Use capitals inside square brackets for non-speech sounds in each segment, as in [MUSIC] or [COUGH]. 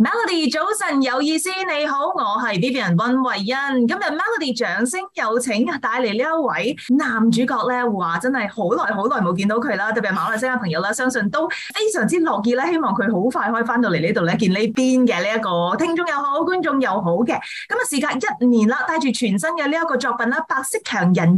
Melody 早晨有意思，你好，我係 Vivian 溫慧欣。今日 Melody 掌聲有請，帶嚟呢一位男主角咧，話真係好耐好耐冇見到佢啦，特別係馬來西亞朋友啦，相信都非常之樂意啦。希望佢好快可以翻到嚟呢度咧，見呢邊嘅呢一個聽眾又好，觀眾又好嘅。咁啊，時隔一年啦，帶住全新嘅呢一個作品啦，《白色強人二》，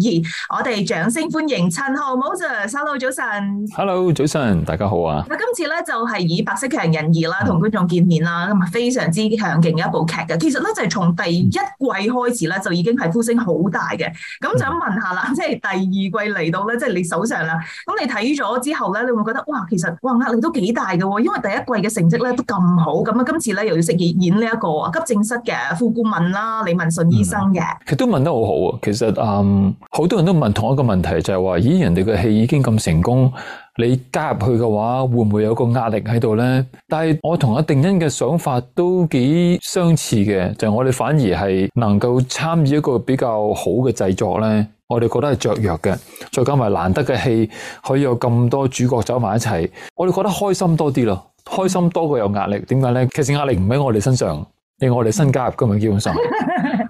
我哋掌聲歡迎陳豪 Moses。Hello 早晨，Hello 早晨，大家好啊。咁今次咧就係以《白色強人二》uh 啦，同觀眾見面啦。非常之強勁嘅一部劇嘅，其實咧就係從第一季開始咧就已經係呼聲好大嘅，咁、嗯、就想問下啦，即係第二季嚟到咧，即係你手上啦，咁你睇咗之後咧，你會唔會覺得哇，其實哇壓力都幾大嘅，因為第一季嘅成績咧都咁好，咁啊今次咧又要飾演演呢一個啊急症室嘅副顧問啦，李文信醫生嘅，嗯，其實都問得好好啊，其實嗯、um, 好多人都問同一個問題，就係話咦，人哋嘅戲已經咁成功，你加入去嘅話，會唔會有個壓力喺度咧？但係我同阿定欣嘅想法都幾相似嘅，就係，我哋反而係能夠參與一個比較好嘅製作呢。我哋覺得係着弱嘅。再加埋難得嘅戲，可以有咁多主角走埋一齊，我哋覺得開心多啲咯，開心多過有壓力。點解呢？其實壓力唔喺我哋身上。我哋新加入噶嘛，基本上，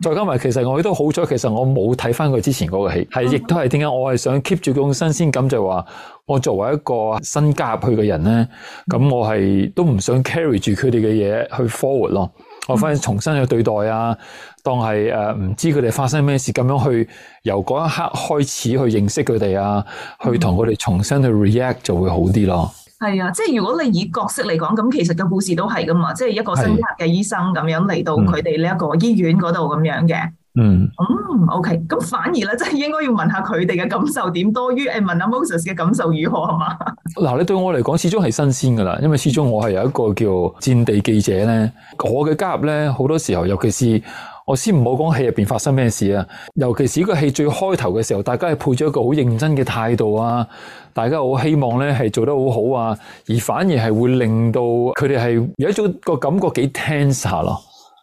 再加埋，其實我都好彩，其實我冇睇返佢之前嗰個戲，係亦都係點解我係想 keep 住嗰種新鮮感，就話、是、我作為一個新加入去嘅人咧，咁我係都唔想 carry 住佢哋嘅嘢去 forward 咯，我反而重新去對待啊，當係誒唔知佢哋發生咩事，咁樣去由嗰一刻開始去認識佢哋啊，去同佢哋重新去 react 就會好啲咯。係啊，即係如果你以角色嚟講，咁其實個故事都係噶嘛，即係一個新拍嘅醫生咁樣嚟到佢哋呢一個醫院嗰度咁樣嘅。嗯，咁，OK，咁反而咧，即係應該要問下佢哋嘅感受點多於誒問阿 Moses 嘅感受如何係嘛？嗱， [LAUGHS] 你對我嚟講始終係新鮮噶啦，因為始終我係有一個叫戰地記者咧，我嘅加入咧好多時候，尤其是。我先唔好講戲入面發生咩事啊，尤其是呢個戲最開頭嘅時候，大家係抱咗一個好認真嘅態度啊，大家好希望呢係做得好好啊，而反而係會令到佢哋係有一種個感覺幾 tense 下咯，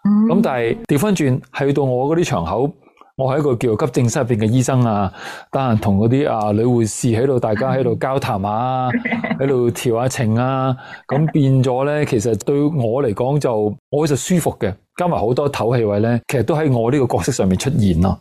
咁、mm hmm. 嗯、但係掉返轉係去到我嗰啲場口。我喺一個叫急症室入面嘅醫生啊，得閒同嗰啲女護士喺度，大家喺度交談啊，喺度調下情啊，咁變咗呢，其實對我嚟講就，我就舒服嘅，加埋好多唞氣位呢，其實都喺我呢個角色上面出現咯。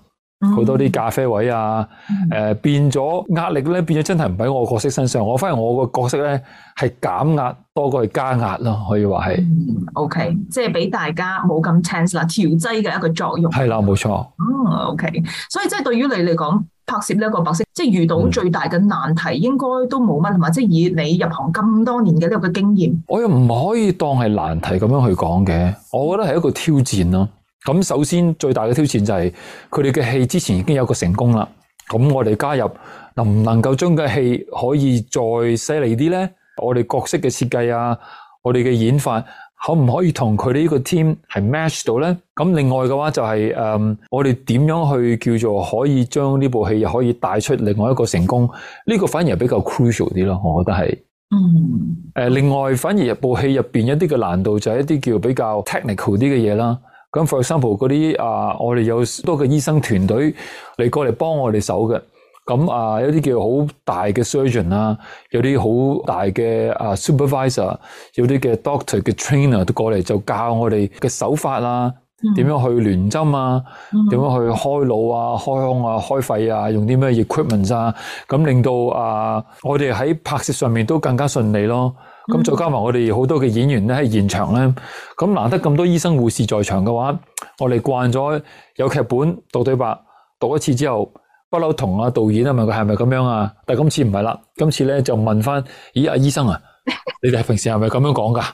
好多啲咖啡位啊，誒、嗯呃，變咗壓力咧，變咗真係唔喺我角色身上。我發現我個角色咧係減壓多過係加壓咯，可以話係。嗯、o、okay, K，即係俾大家冇咁 tense 啦，調劑嘅一個作用。係啦，冇錯。嗯，O、okay, K，所以即係對於你嚟講拍攝呢一個白色，即係遇到最大嘅難題應該，應該都冇乜，同埋即係以你入行咁多年嘅呢個嘅經驗，我又唔可以當係難題咁樣去講嘅。我覺得係一個挑戰咯。咁首先最大嘅挑戰就係佢哋嘅戲之前已經有個成功啦。咁我哋加入能唔能夠將個戲可以再犀利啲呢？我哋角色嘅設計啊，我哋嘅演法，可唔可以同佢哋呢個 team 係 match 到呢？咁另外嘅話就係、是、誒、嗯，我哋點樣去叫做可以將呢部戲又可以帶出另外一個成功？呢、呢個反而比較 crucial 啲咯，我覺得係。嗯。誒，另外反而這部戲入面一啲嘅難度就係一啲叫比較 technical 啲嘅嘢啦。for example，嗰啲啊，我哋有好多個醫生團隊你過嚟幫我哋手嘅。咁啊，有啲叫好大嘅 surgeon 啊，有啲好大嘅啊 supervisor，有啲嘅 doctor 嘅 trainer 都過嚟就教我哋嘅手法啊，點、嗯、樣去聯針啊，點、嗯、樣去開腦啊、開胸啊、開肺啊，用啲咩 equipment 啊，咁令到啊我哋喺拍攝上面都更加順利咯。咁、嗯、再加上我哋好多嘅演員咧喺現場咧，咁難得咁多醫生護士在場嘅話，我哋慣咗有劇本讀對白，讀一次之後不嬲同阿導演啊問佢係咪咁樣啊，但係今次唔係啦，今次咧就問翻，咦阿、啊、醫生啊，你哋平時係咪咁樣講㗎？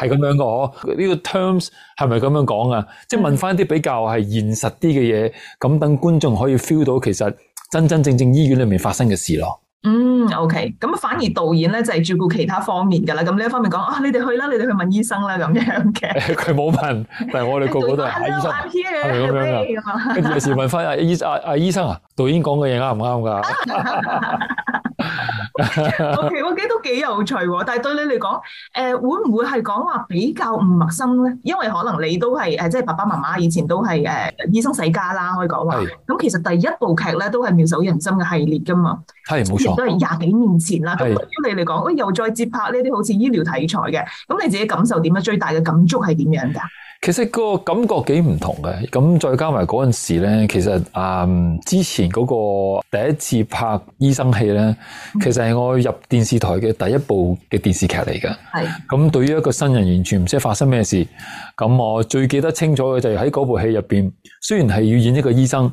係咁 [LAUGHS] 樣嘅呵？呢個 terms 係咪咁樣講啊？這個、是是的即係問翻一啲比較係現實啲嘅嘢，咁等、嗯、觀眾可以 feel 到其實真真正正醫院裡面發生嘅事咯。嗯，OK，咁反而導演咧就係、是、照顧其他方面噶啦，咁呢一方面講啊，你哋去啦，你哋去問醫生啦咁樣嘅。佢冇 [LAUGHS] 問，但係我哋個，個個都係睇醫生，係咁樣，跟住有時問翻阿醫啊，阿、啊、醫生啊，導演講嘅嘢啱唔啱噶？ [LAUGHS] [LAUGHS] O K，我記得都幾有趣喎，但係對你嚟講，誒、呃，會唔會係講話比較唔陌生咧？因為可能你都係誒，即係爸爸媽媽以前都係誒、啊、醫生世家啦，可以講話。咁是其實第一部劇咧都係《妙手仁心》嘅系列噶嘛，係冇錯，都係廿幾年前啦。咁是對於你嚟講，喂，又再接拍呢啲好似醫療題材嘅，咁你自己感受點樣？最大嘅感觸係點樣噶？其實個感覺幾唔同嘅，咁再加埋嗰陣時咧，其實啊、嗯、之前嗰個第一次拍醫生戲咧，其實係我入電視台嘅第一部嘅電視劇嚟噶。係咁是對於一個新人完全唔知發生咩事，咁我最記得清楚嘅就係喺嗰部戲入邊，雖然係要演一個醫生，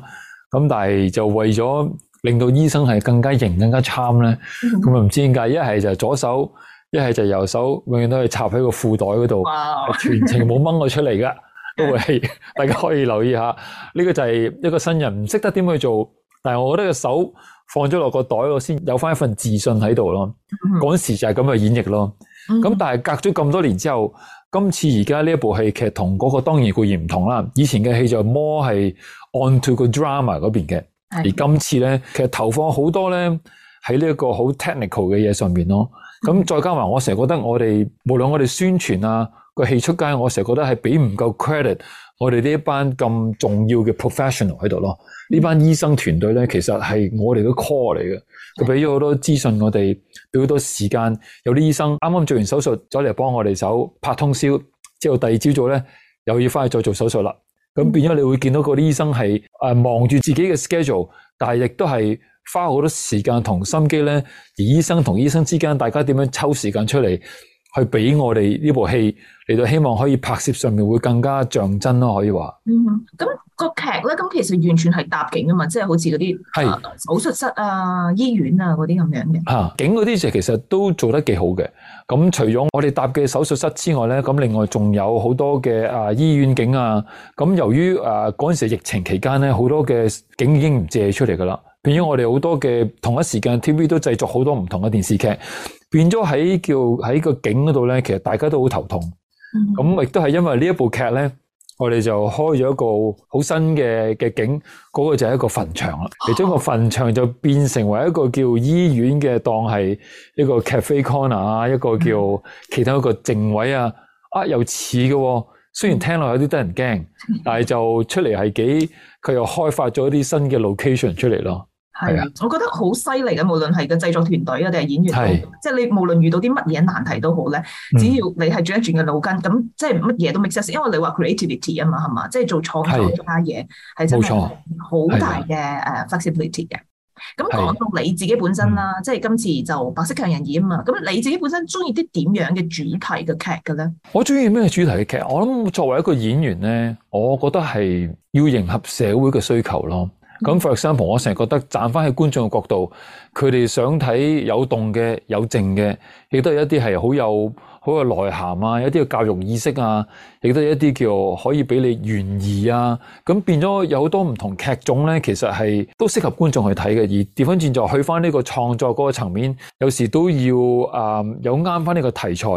咁但係就為咗令到醫生係更加型、更加參咧，咁啊唔知點解一係就左手，一係就右手永遠都係插喺個褲袋嗰度，Wow. 全程冇掹我出嚟噶， [LAUGHS] 都會係大家可以留意下。呢、這個就係一個新人唔識得點去做，但係我覺得個手放咗落個袋，我先有翻一份自信喺度咯。嗰、mm hmm. 時就係咁去演繹咯。咁、mm hmm. 但係隔咗咁多年之後，今次而家呢一部戲劇其實同嗰個當然固然唔同啦。以前嘅戲就係 more 係 onto 個 drama 嗰邊嘅，mm hmm. 而今次咧其實投放好多咧喺呢一個好 technical 嘅嘢上面咯。再加埋，我成日覺得我哋無論我哋宣傳啊個戲出街，我成日覺得係俾唔夠 credit 我哋呢一班咁重要嘅 professional 喺度咯。呢班醫生團隊咧，其實係我哋嘅 call 嚟嘅。佢俾咗好多資訊俾我哋，俾好多時間。有啲醫生啱啱做完手術，走嚟幫我哋手拍通宵，之後第二朝早咧又要返去再做手術啦。咁變咗你會見到嗰啲醫生係、啊、忙望住自己嘅 schedule，但係亦都係。花好多時間同心機咧，而醫生同醫生之間，大家點樣抽時間出嚟去俾我哋呢部戲嚟到，希望可以拍攝上面會更加像真咯，可以話。嗯哼，咁個劇咧，咁其實完全係搭景啊嘛，即係好似嗰啲係手術室啊、醫院啊嗰啲咁樣嘅。吓、啊，景嗰啲其實都做得幾好嘅。咁除咗我哋搭嘅手術室之外咧，咁另外仲有好多嘅啊醫院景啊。咁由於啊嗰陣時疫情期間咧，好多嘅景已經唔借出嚟噶啦。變咗我哋好多嘅同一時間，TV 都製作好多唔同嘅電視劇，變咗喺叫喺個景嗰度咧，其實大家都好頭痛。咁亦、mm hmm. 都係因為呢一部劇咧，我哋就開咗一個好新嘅嘅景，嗰、那個就係一個墳場啦。其中、oh. 個墳場就變成為一個叫醫院嘅，當係一個 cafe corner 啊，一個叫其他一個靜位啊，啊又似嘅、哦，雖然聽落有啲得人驚，但係就出嚟係幾佢又開發咗一啲新嘅 location 出嚟咯。係啊，我覺得好犀利嘅，無論係個製作團隊啊，定係演員，即係你無論遇到啲乜嘢難題都好咧，只要你係轉一轉嘅腦筋，咁即係乜嘢都 make sense。因為你話 creativity 啊嘛，係嘛，即係做創作家嘢係真係好大嘅誒 flexibility 嘅。咁講到你自己本身啦，即係今次就白色強人演啊嘛，咁你自己本身中意啲點樣嘅主題嘅劇嘅咧？我中意咩主題嘅劇？我諗作為一個演員咧，我覺得係要迎合社會嘅需求咯。咁，for example，我成日覺得，站翻喺觀眾嘅角度，佢哋想睇有動嘅、有靜嘅，亦都有一啲係好有好有內涵啊，有一啲嘅教育意識啊，亦都有一啲叫可以俾你懸疑啊。咁變咗有好多唔同劇種咧，其實係都適合觀眾去睇嘅。而調翻轉就去翻呢個創作嗰個層面，有時都要啊、嗯、有啱翻呢個題材，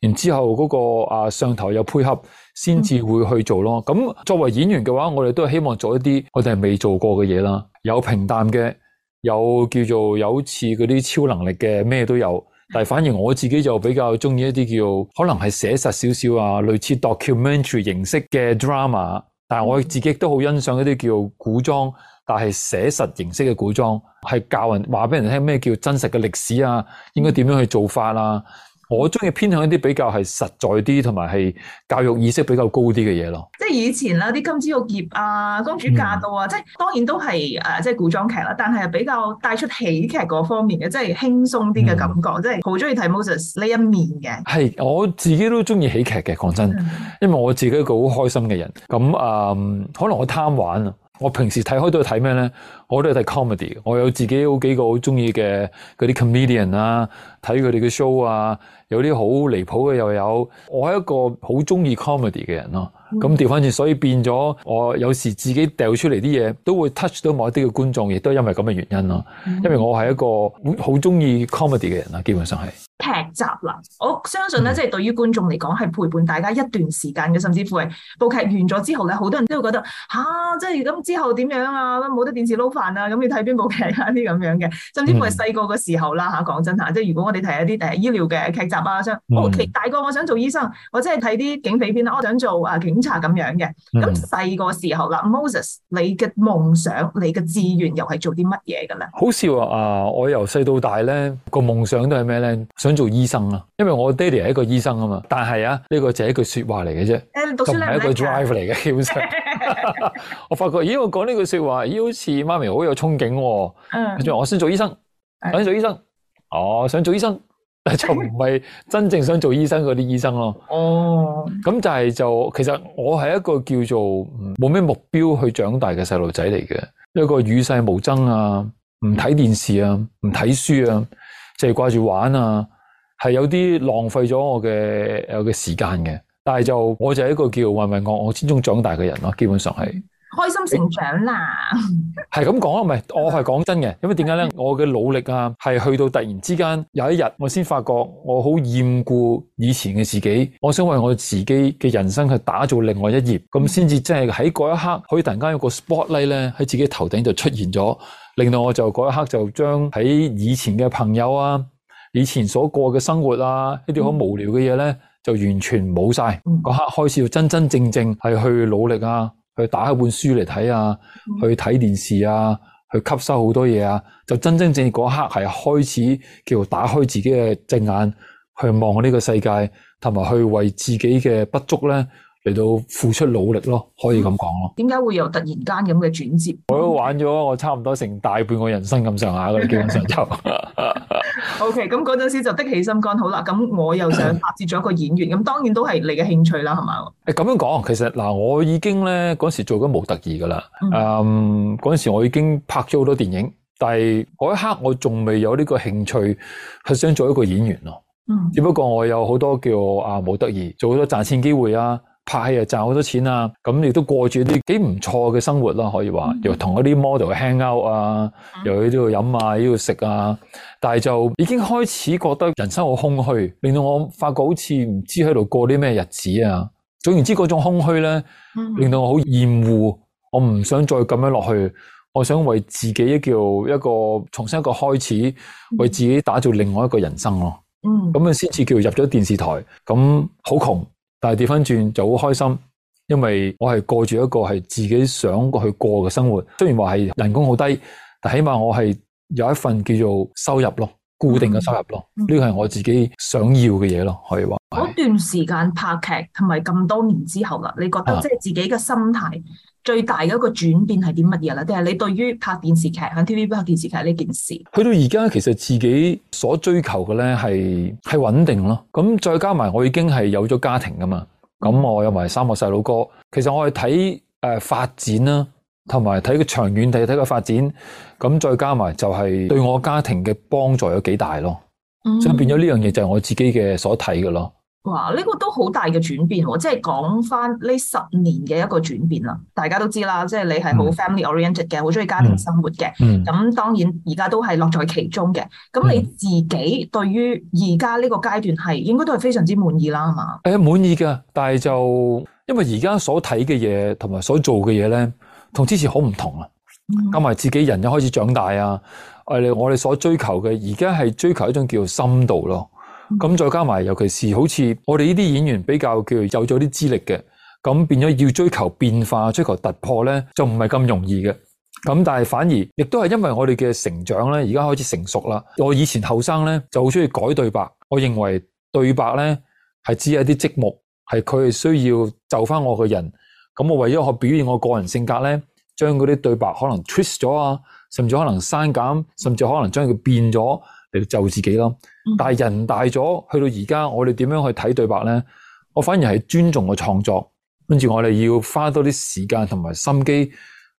然之後嗰、那個啊上頭有配合，先至會去做咯。咁作為演員嘅話，我哋都係希望做一啲我哋未做過嘅嘢啦。有平淡嘅，有叫做有似嗰啲超能力嘅咩都有。但係反而我自己就比較中意一啲叫可能係寫實少少啊，類似 documentary 形式嘅 drama。但係我自己都好欣賞一啲叫古裝，但係寫實形式嘅古裝係教人話俾人聽咩叫真實嘅歷史啊，應該點樣去做法啊。我中意偏向一啲比較係實在啲，同埋係教育意識比較高啲嘅嘢咯。即係以前啦，啲金枝玉葉啊、公主嫁到啊，即係當然都係誒，即係古裝劇啦。但係比較帶出喜劇嗰方面嘅，即係輕鬆啲嘅感覺，即係好中意睇 Moses 呢一面嘅。係我自己都中意喜劇嘅，講真，因為我自己一個好開心嘅人。咁、嗯、啊，可能我貪玩啊。我平時睇開都係睇咩呢？我都係睇 comedy，我有自己好幾個好鍾意嘅嗰啲 comedian 啊，睇佢哋嘅 show 啊，有啲好離譜嘅又有。我係一個好鍾意 comedy 嘅人咯、啊。咁掉返轉，所以變咗我有時自己掉出嚟啲嘢都會 touch 到某一啲嘅觀眾，亦都係因為咁嘅原因咯、啊。嗯、因為我係一個好鍾意 comedy 嘅人啦、啊，基本上係。劇集啦，我相信咧，即係對於觀眾嚟講係陪伴大家一段時間嘅，甚至乎係部劇完咗之後咧，好多人都會覺得吓、啊，即係咁之後點樣啊？冇得電視撈飯啊？咁要睇邊部劇啊？啲咁樣嘅，甚至乎係細個嘅時候啦吓，講、嗯啊、真吓，即係如果我哋睇一啲誒醫療嘅劇集啊，想哦，大個我想做醫生，或者係睇啲警匪片啦，我、啊、想做啊警察咁樣嘅。咁細個時候啦，Moses，你嘅夢想、你嘅志願又係做啲乜嘢嘅咧？好笑啊！我由細到大咧、那個夢想都係咩咧？想做醫生啊，因為我爹哋係一個醫生啊嘛。但係啊，呢、這個就係一句說話嚟嘅啫，唔係誒一個 drive 嚟嘅。基本上， [LAUGHS] 我發覺咦，我講呢句說話，咦，好似媽咪好有憧憬、哦。嗯，我想做醫生，想、嗯、做醫生，哦，想做醫生， [LAUGHS] 但就唔係真正想做醫生嗰啲醫生咯。哦、嗯，咁就係、是、就其實我係一個叫做冇咩目標去長大嘅細路仔嚟嘅，一個與世無爭啊，唔睇電視啊，唔睇書啊，淨係掛住玩啊。係有啲浪費咗我嘅有嘅時間嘅，但係就我就係一個叫渾渾噩噩之中長大嘅人咯，啊，基本上係開心成長啦。係咁講啊，唔係我係講真嘅，因為點解呢？的我嘅努力啊，係去到突然之間有一日，我先發覺我好厭惡以前嘅自己，我想為我自己嘅人生去打造另外一頁，咁先至真係喺嗰一刻可以突然間有個 spotlight 呢喺自己頭頂就出現咗，令到我就嗰一刻就將喺以前嘅朋友啊。以前所過嘅生活啊，一啲好無聊嘅嘢咧，嗯、就完全冇晒。嗰、嗯、刻開始要真真正正係去努力啊，去打開本書嚟睇啊，嗯、去睇電視啊，去吸收好多嘢啊，就真真正正嗰刻係開始叫做打開自己嘅隻眼去望呢個世界，同埋去為自己嘅不足咧嚟到付出努力咯，可以咁講咯。點解會有突然間咁嘅轉折？我都玩咗我差唔多成大半個人生咁上下嘅，基本上就。 [LAUGHS] OK，咁嗰陣時就的起心肝好啦。咁我又想拍攝咗一個演員，咁 [COUGHS] 當然都係你嘅興趣啦，係嘛？誒咁樣講，其實嗱，我已經咧嗰時做緊模特兒噶啦。誒、嗯，嗰、嗯、時我已經拍咗好多電影，但係嗰一刻我仲未有呢個興趣係想做一個演員咯。嗯、只不過我有好多叫我啊模特兒，做好多賺錢機會啊。拍戲又、啊、賺好多錢啊！咁亦都過住啲幾唔錯嘅生活啦、啊。可以話、mm hmm. 又同一啲 model hang out 啊，mm hmm. 又去呢度飲啊，呢度食啊。但係就已經開始覺得人生好空虛，令到我發覺好似唔知喺度過啲咩日子啊。總言之，嗰種空虛咧，令到我好厭惡，mm hmm. 我唔想再咁樣落去。我想為自己叫一個重新一個開始，為自己打造另外一個人生咯、啊。嗯、mm，咁、hmm. 樣先至叫入咗電視台，咁好窮。但係跌翻轉就好開心，因為我係過住一個係自己想過去過嘅生活。雖然話係人工好低，但起碼我係有一份叫做收入咯。固定嘅收入咯，呢個係我自己想要嘅嘢咯，可以話。嗰段時間拍劇同埋咁多年之後啦，你覺得即係自己嘅心態最大嘅一個轉變係啲乜嘢啦？定係、啊、你對於拍電視劇喺 TVB 拍電視劇呢件事？去到而家，其實自己所追求嘅咧係係穩定咯。咁再加埋我已經係有咗家庭噶嘛，咁我有埋三個細佬哥。其實我係睇誒發展啦。同埋睇個長遠，睇睇個發展，咁再加埋就係對我家庭嘅幫助有幾大咯，所、嗯、變咗呢樣嘢就係我自己嘅所睇嘅咯。哇，呢、這個都好大嘅轉變，即係講翻呢十年嘅一個轉變啦。大家都知啦，即係你係好 family oriented 嘅，好中意家庭生活嘅。咁、嗯嗯、當然而家都係樂在其中嘅。咁你自己對於而家呢個階段係、嗯、應該都係非常之滿意啦，係嘛？、欸？誒，滿意噶，但係就因為而家所睇嘅嘢同埋所做嘅嘢咧。同之前好唔同啊！加埋自己人又開始長大啊，我哋我哋所追求嘅而家係追求一種叫做深度咯。咁再加埋，尤其是好似我哋呢啲演員比較叫做有咗啲資歷嘅，咁變咗要追求變化、追求突破咧，就唔係咁容易嘅。咁但係反而亦都係因為我哋嘅成長咧，而家開始成熟啦。我以前後生咧就好鍾意改對白，我認為對白咧係只係一啲積木，係佢係需要就翻我嘅人。咁我為咗可表現我個人性格咧，將嗰啲對白可能 twist 咗啊，甚至可能刪減，甚至可能將佢變咗嚟，就自己咯。但係人大咗，去到而家，我哋點樣去睇對白咧？我反而係尊重個創作，跟住我哋要花多啲時間同埋心機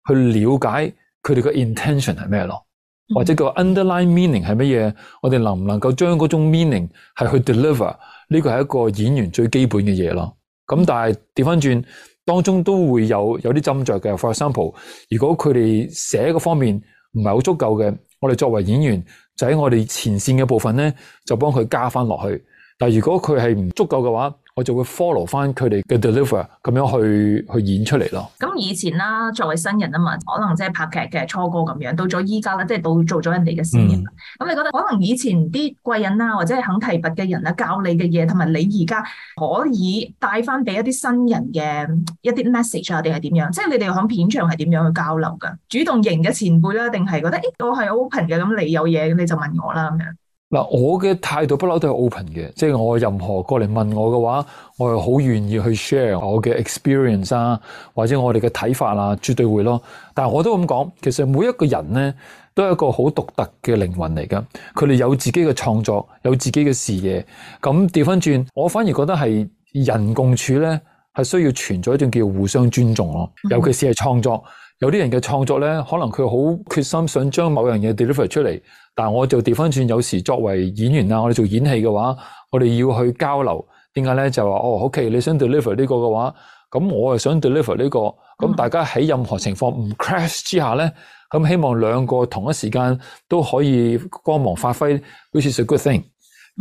去了解佢哋個 intention 係咩咯，或者個 underline meaning 係乜嘢？我哋能唔能夠將嗰種 meaning 係去 deliver？呢個係一個演員最基本嘅嘢咯。咁但係調翻轉。當中都會有有啲斟酌嘅，for example，如果佢哋寫嘅方面唔係好足夠嘅，我哋作為演員就喺我哋前線嘅部分呢，就幫佢加返落去。但如果佢係唔足夠嘅話，我就會 follow 翻佢哋嘅 deliver 咁、er, 樣去去演出嚟咯。咁以前啦，作為新人啊嘛，可能即係拍劇嘅初哥咁樣，到咗依家啦，即係到做咗人哋嘅新人。咁、嗯、你覺得可能以前啲貴人啊，或者係肯提拔嘅人啊，教你嘅嘢，同埋你而家可以帶翻俾一啲新人嘅一啲 message，啊，定係點樣？即係你哋響片場係點樣去交流噶？主動型嘅前輩啦，定係覺得誒、欸，我係 open 嘅，咁你有嘢咁你就問我啦，咁樣。我嘅態度不嬲都係 open 嘅，即係我任何過嚟問我嘅話，我係好願意去 share 我嘅 experience 啊，或者我哋嘅睇法啊，絕對會咯。但我都咁講，其實每一個人呢，都係一個好獨特嘅靈魂嚟㗎，佢哋有自己嘅創作，有自己嘅視野。咁掉返轉，我反而覺得係人共處呢，係需要存在一種叫互相尊重咯，尤其是係創作。有啲人嘅創作咧，可能佢好決心想將某樣嘢 deliver 出嚟，但係我就調翻轉，有時作為演員啊，我哋做演戲嘅話，我哋要去交流。點解咧？就話哦，OK，你想 deliver 呢個嘅話，咁我又想 deliver 呢個。咁大家喺任何情況唔 crash 之下咧，咁希望兩個同一時間都可以光芒發揮，which is a good thing。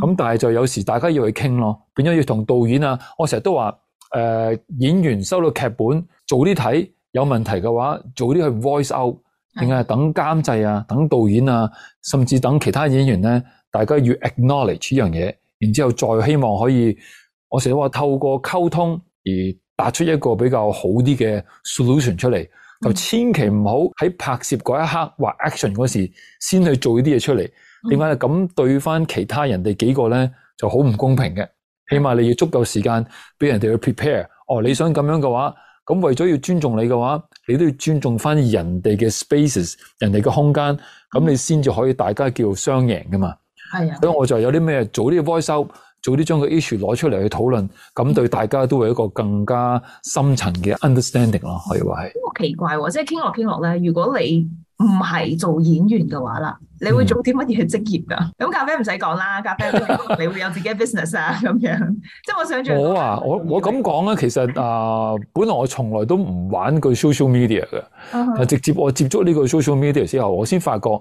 咁但係就有時大家要去傾咯，變咗要同導演啊，我成日都話。誒、呃，演員收到劇本，早啲睇有問題嘅話，早啲去 voice out，定係等監製啊、等導演啊，甚至等其他演員咧，大家要 acknowledge 呢樣嘢，然之後再希望可以，我成日話透過溝通而達出一個比較好啲嘅 solution 出嚟，就、mm hmm. 千祈唔好喺拍攝嗰一刻或 action 嗰時先去做呢啲嘢出嚟，點解咧？咁、hmm. 對翻其他人哋幾個咧就好唔公平嘅。起碼你要足夠時間俾人哋去 prepare。哦，你想咁樣嘅話，咁為咗要尊重你嘅話，你都要尊重翻人哋嘅 spaces，人哋嘅空間，咁你先至可以大家叫做雙贏噶嘛。係啊的。所以我就有啲咩早啲 voice out，早啲將個 issue 攞出嚟去討論，咁對大家都會有一個更加深層嘅 understanding 咯，可以話係。好奇怪，即係傾落傾落咧，如果你。唔係做演員嘅話啦，你會做啲乜嘢職業噶？咁、嗯、咖啡唔使講啦，咖啡會你會有自己嘅 business 啊， [LAUGHS] 咁樣即係我想象。我啊，我我咁講咧， [LAUGHS] 其實啊、呃，本來我從來都唔玩個 social media 嘅，但、uh huh. 直接我接觸呢個 social media 之後，我先發覺，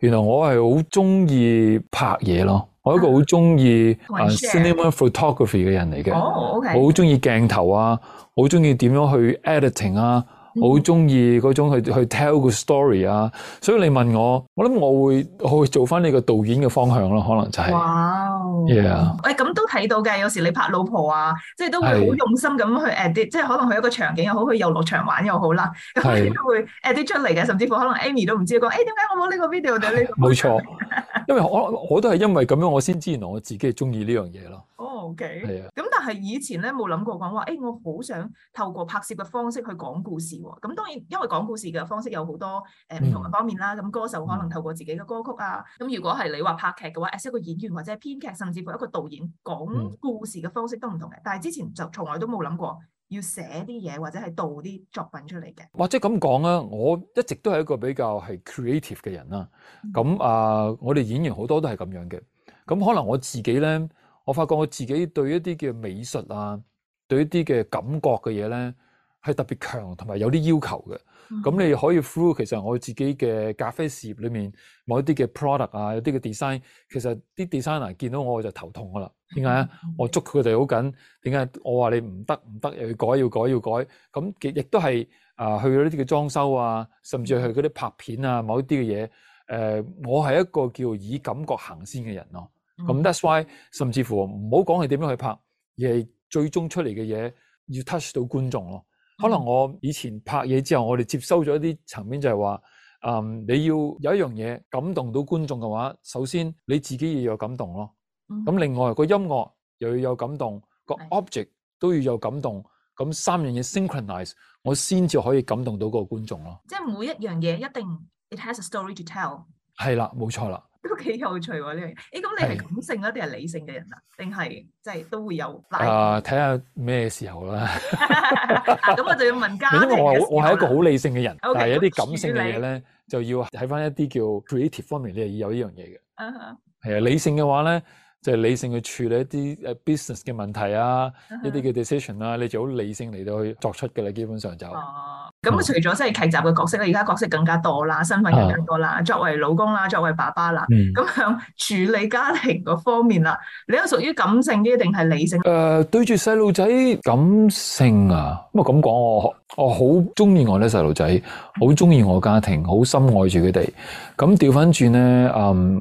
原來我係好中意拍嘢咯，uh, 我一個好中意 cinema photography 嘅人嚟嘅，好中意鏡頭啊，好中意點樣去 editing 啊。好中意嗰種去去 tell 個 story 啊，所以你問我，我諗我會我會做翻你個導演嘅方向咯，可能就係、是。哇 Wow！Yeah、哎。誒咁都睇到嘅，有時你拍老婆啊，即係都會好用心咁去 edit，即係可能去一個場景又好，去遊樂場玩又好啦，咁都會 edit 出嚟嘅？甚至乎可能 Amy 都唔知，講誒點解我冇呢個 video 就呢、這個。冇、哎、錯， [LAUGHS] 因為我我都係因為咁樣，我先知原來我自己係中意呢樣嘢咯。哦、oh，OK。係啊。咁。係以前咧冇諗過講話，誒、欸、我好想透過拍攝嘅方式去講故事喎、哦。咁當然，因為講故事嘅方式有好多誒唔同嘅方面啦。咁、嗯、歌手可能透過自己嘅歌曲啊。咁、嗯、如果係你話拍劇嘅話，係一個演員或者係編劇，甚至乎一個導演講故事嘅方式都唔同嘅。但係之前就從來都冇諗過要寫啲嘢或者係導啲作品出嚟嘅。或者係咁講啊，我一直都係一個比較係 creative 嘅人啦。咁啊、嗯呃，我哋演員好多都係咁樣嘅。咁可能我自己咧。我發覺我自己對一啲嘅美術啊，對一啲嘅感覺嘅嘢咧，係特別強，同埋有啲要求嘅。咁你可以 through 其實我自己嘅咖啡事業裏面，某一啲嘅 product 啊，有啲嘅 design，其實啲 designer 見到我，我就頭痛噶啦。點解咧？我捉佢哋好緊。點解我話你唔得唔得，又要改要改要改？咁亦都係啊、呃，去咗呢啲嘅裝修啊，甚至去嗰啲拍片啊，某一啲嘅嘢。誒、呃，我係一個叫以感覺行先嘅人咯、啊。咁 That's why Mm hmm. 甚至乎唔好講係點樣去拍，而係最終出嚟嘅嘢要 touch 到觀眾咯。Mm hmm. 可能我以前拍嘢之後，我哋接收咗一啲層面就係話，嗯，你要有一樣嘢感動到觀眾嘅話，首先你自己要有感動咯。咁、mm hmm. 另外個音樂又要有感動，個、mm hmm. object 都要有感動，咁、mm hmm. 三樣嘢 synchronize，我先至可以感動到個觀眾咯。即係每一樣嘢一定，it has a story to tell。係啦，冇錯啦。都幾有趣喎呢樣嘢，誒咁你係感性啊，定係理性嘅人啊？定係即係都會有啊？睇下咩時候啦。咁我就要問家明。因為我我係一個好理性嘅人，但係有啲感性嘅嘢咧，就要喺翻一啲叫 creative 方面，你係要有呢樣嘢嘅。啊啊！係啊，理性嘅話咧。就係理性去處理一啲誒 business 嘅問題啊，uh huh. 一啲嘅 decision 啦、啊，你就好理性嚟到去作出嘅啦，基本上就。哦、啊。咁除咗即係劇集嘅角色咧，而家角色更加多啦，身份更加多啦。Uh huh. 作為老公啦，作為爸爸啦，咁響、uh huh. 處理家庭嗰方面啦，你係屬於感性啲定係理性？誒、呃，對住細路仔，感性啊，咁啊咁講喎。我我好中意我啲細路仔，好中意我嘅家庭，好深愛住佢哋。咁掉返轉咧，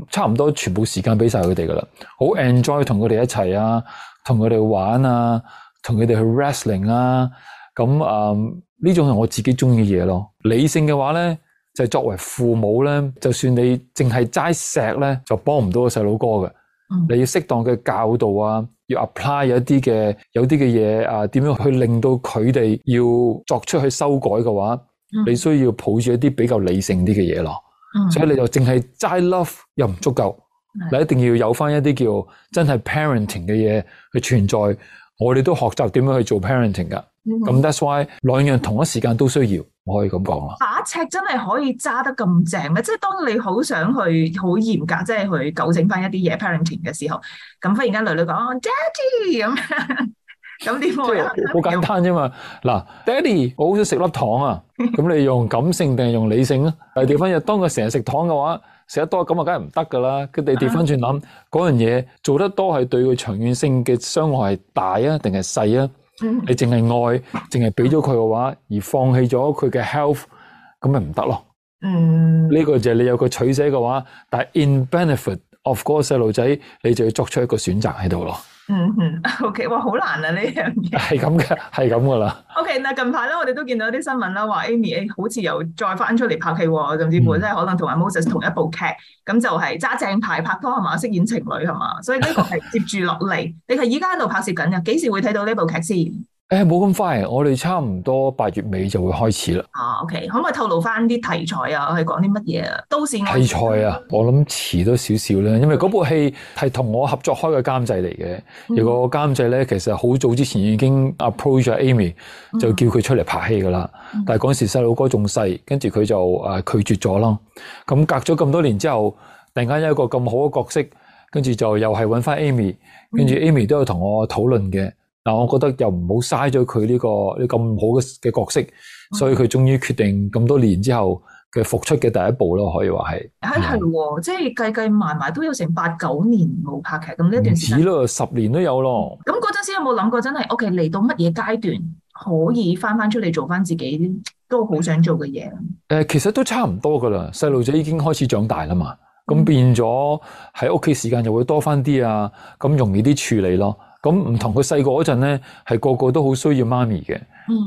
差唔多全部時間俾晒佢哋噶啦，好 enjoy 同佢哋一齊啊，同佢哋玩啊，同佢哋去 wrestling 啊。咁，嗯，呢種係我自己中意嘅嘢咯。理性嘅話呢，就作為父母呢，就算你淨係齋石咧，就幫唔到個細路哥嘅。你要適當嘅教導啊。要 apply 一啲嘅有啲嘅嘢啊，點樣去令到佢哋要作出去修改嘅話，mm hmm. 你需要抱住一啲比較理性啲嘅嘢咯。Mm hmm. 所以你就淨係齋 love 又唔足夠，mm hmm. 你一定要有翻一啲叫真係 parenting 嘅嘢去存在。我哋都學習點樣去做 parenting 噶。咁，mm hmm. That's why 兩樣同一時間都需要。我可以咁講啊，把尺真係可以揸得咁正嘅。即係當你好想去好嚴格，即係去糾正翻一啲嘢 parenting 嘅時候，咁忽然間女女講爹哋咁，咁 [LAUGHS] 點？即係好簡單啫嘛。嗱，爹哋，我好少食粒糖啊。咁你用感性定係用理性啊？係掉翻入，當佢成日食糖嘅話，食得多咁啊，梗係唔得噶啦。佢哋掉翻轉諗嗰樣嘢做得多係對佢長遠性嘅傷害係大啊，定係細啊？ [NOISE] 你淨係愛，淨係畀咗佢嘅話，而放棄咗佢嘅 health，咁咪唔得咯。呢 [NOISE] 個就係你有個取捨嘅話，但係 in benefit of 嗰個細路仔，你就要作出一個選擇喺度咯。嗯嗯，OK，哇，好難啊， [LAUGHS] 樣樣 okay，呢樣嘢係咁嘅，係咁噶啦。OK，嗱近排咧，我哋都見到啲新聞啦，話 Amy 誒、欸，好似又再翻出嚟拍戲喎，甚至乎真係可能同埋 Moses 同一部劇，咁就係揸正牌拍拖係嘛？飾演情侶係嘛？所以呢個係接住落嚟。 [LAUGHS] 你係而家喺度拍攝緊啊，幾時會睇到部劇呢部劇先？誒，冇咁、哎、快，我哋差唔多八月尾就會開始啦。啊，OK，可唔可以透露翻啲題材啊？係講啲乜嘢？都市題材啊，我諗遲多少少啦，因為嗰部戲係同我合作開嘅監製嚟嘅。如果監製咧，其實好早之前已經 approach 咗 Amy，、嗯、就叫佢出嚟拍戲噶啦。嗯、但係嗰時細佬哥仲細，跟住佢就誒拒絕咗囉。咁隔咗咁多年之後，突然間有一個咁好嘅角色，跟住就又係搵翻 Amy，跟住 Amy 都有同我討論嘅。但我覺得又唔好嘥咗佢呢個呢，咁好嘅嘅角色，嗯、所以佢終於決定，咁多年之後嘅復出嘅第一步咯，可以話係。係係，即係計計埋埋都有成八九年冇拍劇，咁呢一段時。唔止咯，十年都有咯。咁嗰陣時有冇諗過真，真係 OK 嚟到乜嘢階段，可以翻翻出嚟做翻自己都好想做嘅嘢？誒、呃，其實都差唔多噶啦，細路仔已經開始長大啦嘛，咁、嗯、變咗喺屋企時間就會多翻啲啊，咁容易啲處理咯。咁唔同佢細個嗰陣咧，係個個都好需要媽咪嘅。咁、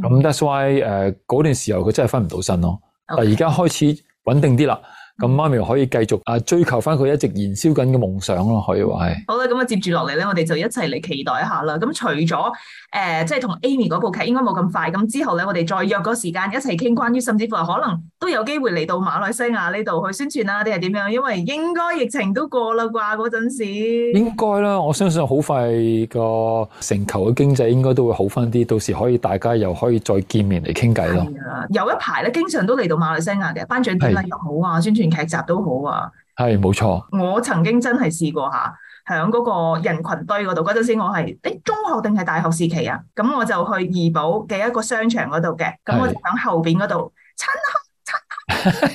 嗯、that's why uh, 嗰段時候佢真係分唔到身咯。Okay. 但係而家開始穩定啲啦。咁媽咪可以繼續啊追求翻佢一直燃燒緊嘅夢想咯，可以話係。好啦，咁啊接住落嚟咧，我哋就一齊嚟期待一下啦。咁除咗誒、呃，即係同 Amy 嗰部劇應該冇咁快。咁之後咧，我哋再約個時間一齊傾關於甚至乎可能都有機會嚟到馬來西亞呢度去宣傳啊，定係點樣？因為應該疫情都過啦啩，嗰陣時。應該啦，我相信好快個成球嘅經濟應該都會好翻啲，到時可以大家又可以再見面嚟傾偈咯。有一排咧，經常都嚟到馬來西亞嘅頒獎典禮例如好啊，宣傳。劇集都好啊，係冇錯。錯我曾經真係試過吓，喺嗰個人群堆嗰度。嗰陣時我係誒、欸，中學定係大學時期啊？咁我就去怡保嘅一個商場嗰度嘅，咁我就喺後邊嗰度親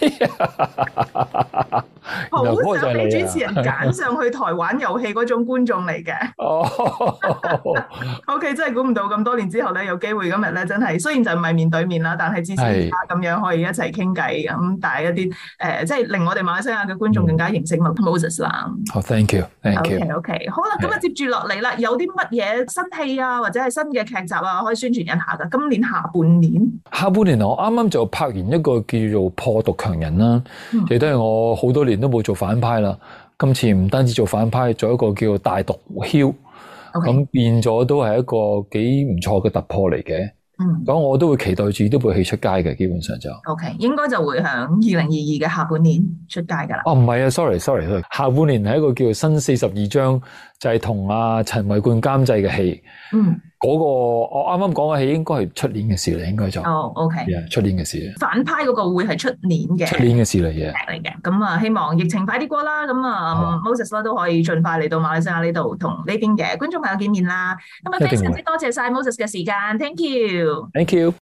親。好、啊、想俾主持人揀上去台玩遊戲嗰種觀眾嚟嘅。哦，O K，真係估唔到咁多年之後咧，有機會今日咧，真係雖然就唔係面對面啦，但係之前咁樣可以一齊傾偈咁，帶是一啲誒、呃，即係令我哋馬來西亞嘅觀眾更加認識 Moses 啦。好，thank you，thank you。O K，好啦，咁啊接住落嚟啦，有啲乜嘢新戲啊，或者係新嘅劇集啊，可以宣傳一下噶？今年下半年，下半年我啱啱就拍完一個叫做《破毒強人》啦、嗯，亦都係我好多年。都冇做反派啦，今次唔單止做反派，做一個叫大毒梟，咁 Okay. 變咗都係一個幾唔錯嘅突破嚟嘅。咁、嗯、我都會期待住都會去出街嘅，基本上就。O、okay. K，應該就會喺二零二二嘅下半年出街噶啦。哦，唔係啊，sorry，sorry，sorry, sorry. 下半年係一個叫做新四十二章。就係同阿陳維冠監製嘅戲，嗯，嗰個我啱啱講嘅戲應該係出年嘅事嚟，應該就哦，OK，係出、yeah, 年嘅事，反派嗰個會係出年嘅，出年嘅事嚟嘅嚟嘅。咁啊、嗯，希望疫情快啲過啦，咁啊，Moses 都可以盡快嚟到馬來西亞呢度同呢邊嘅觀眾朋友見面啦。咁啊，非常之多謝晒 Moses 嘅時間，thank you，thank you。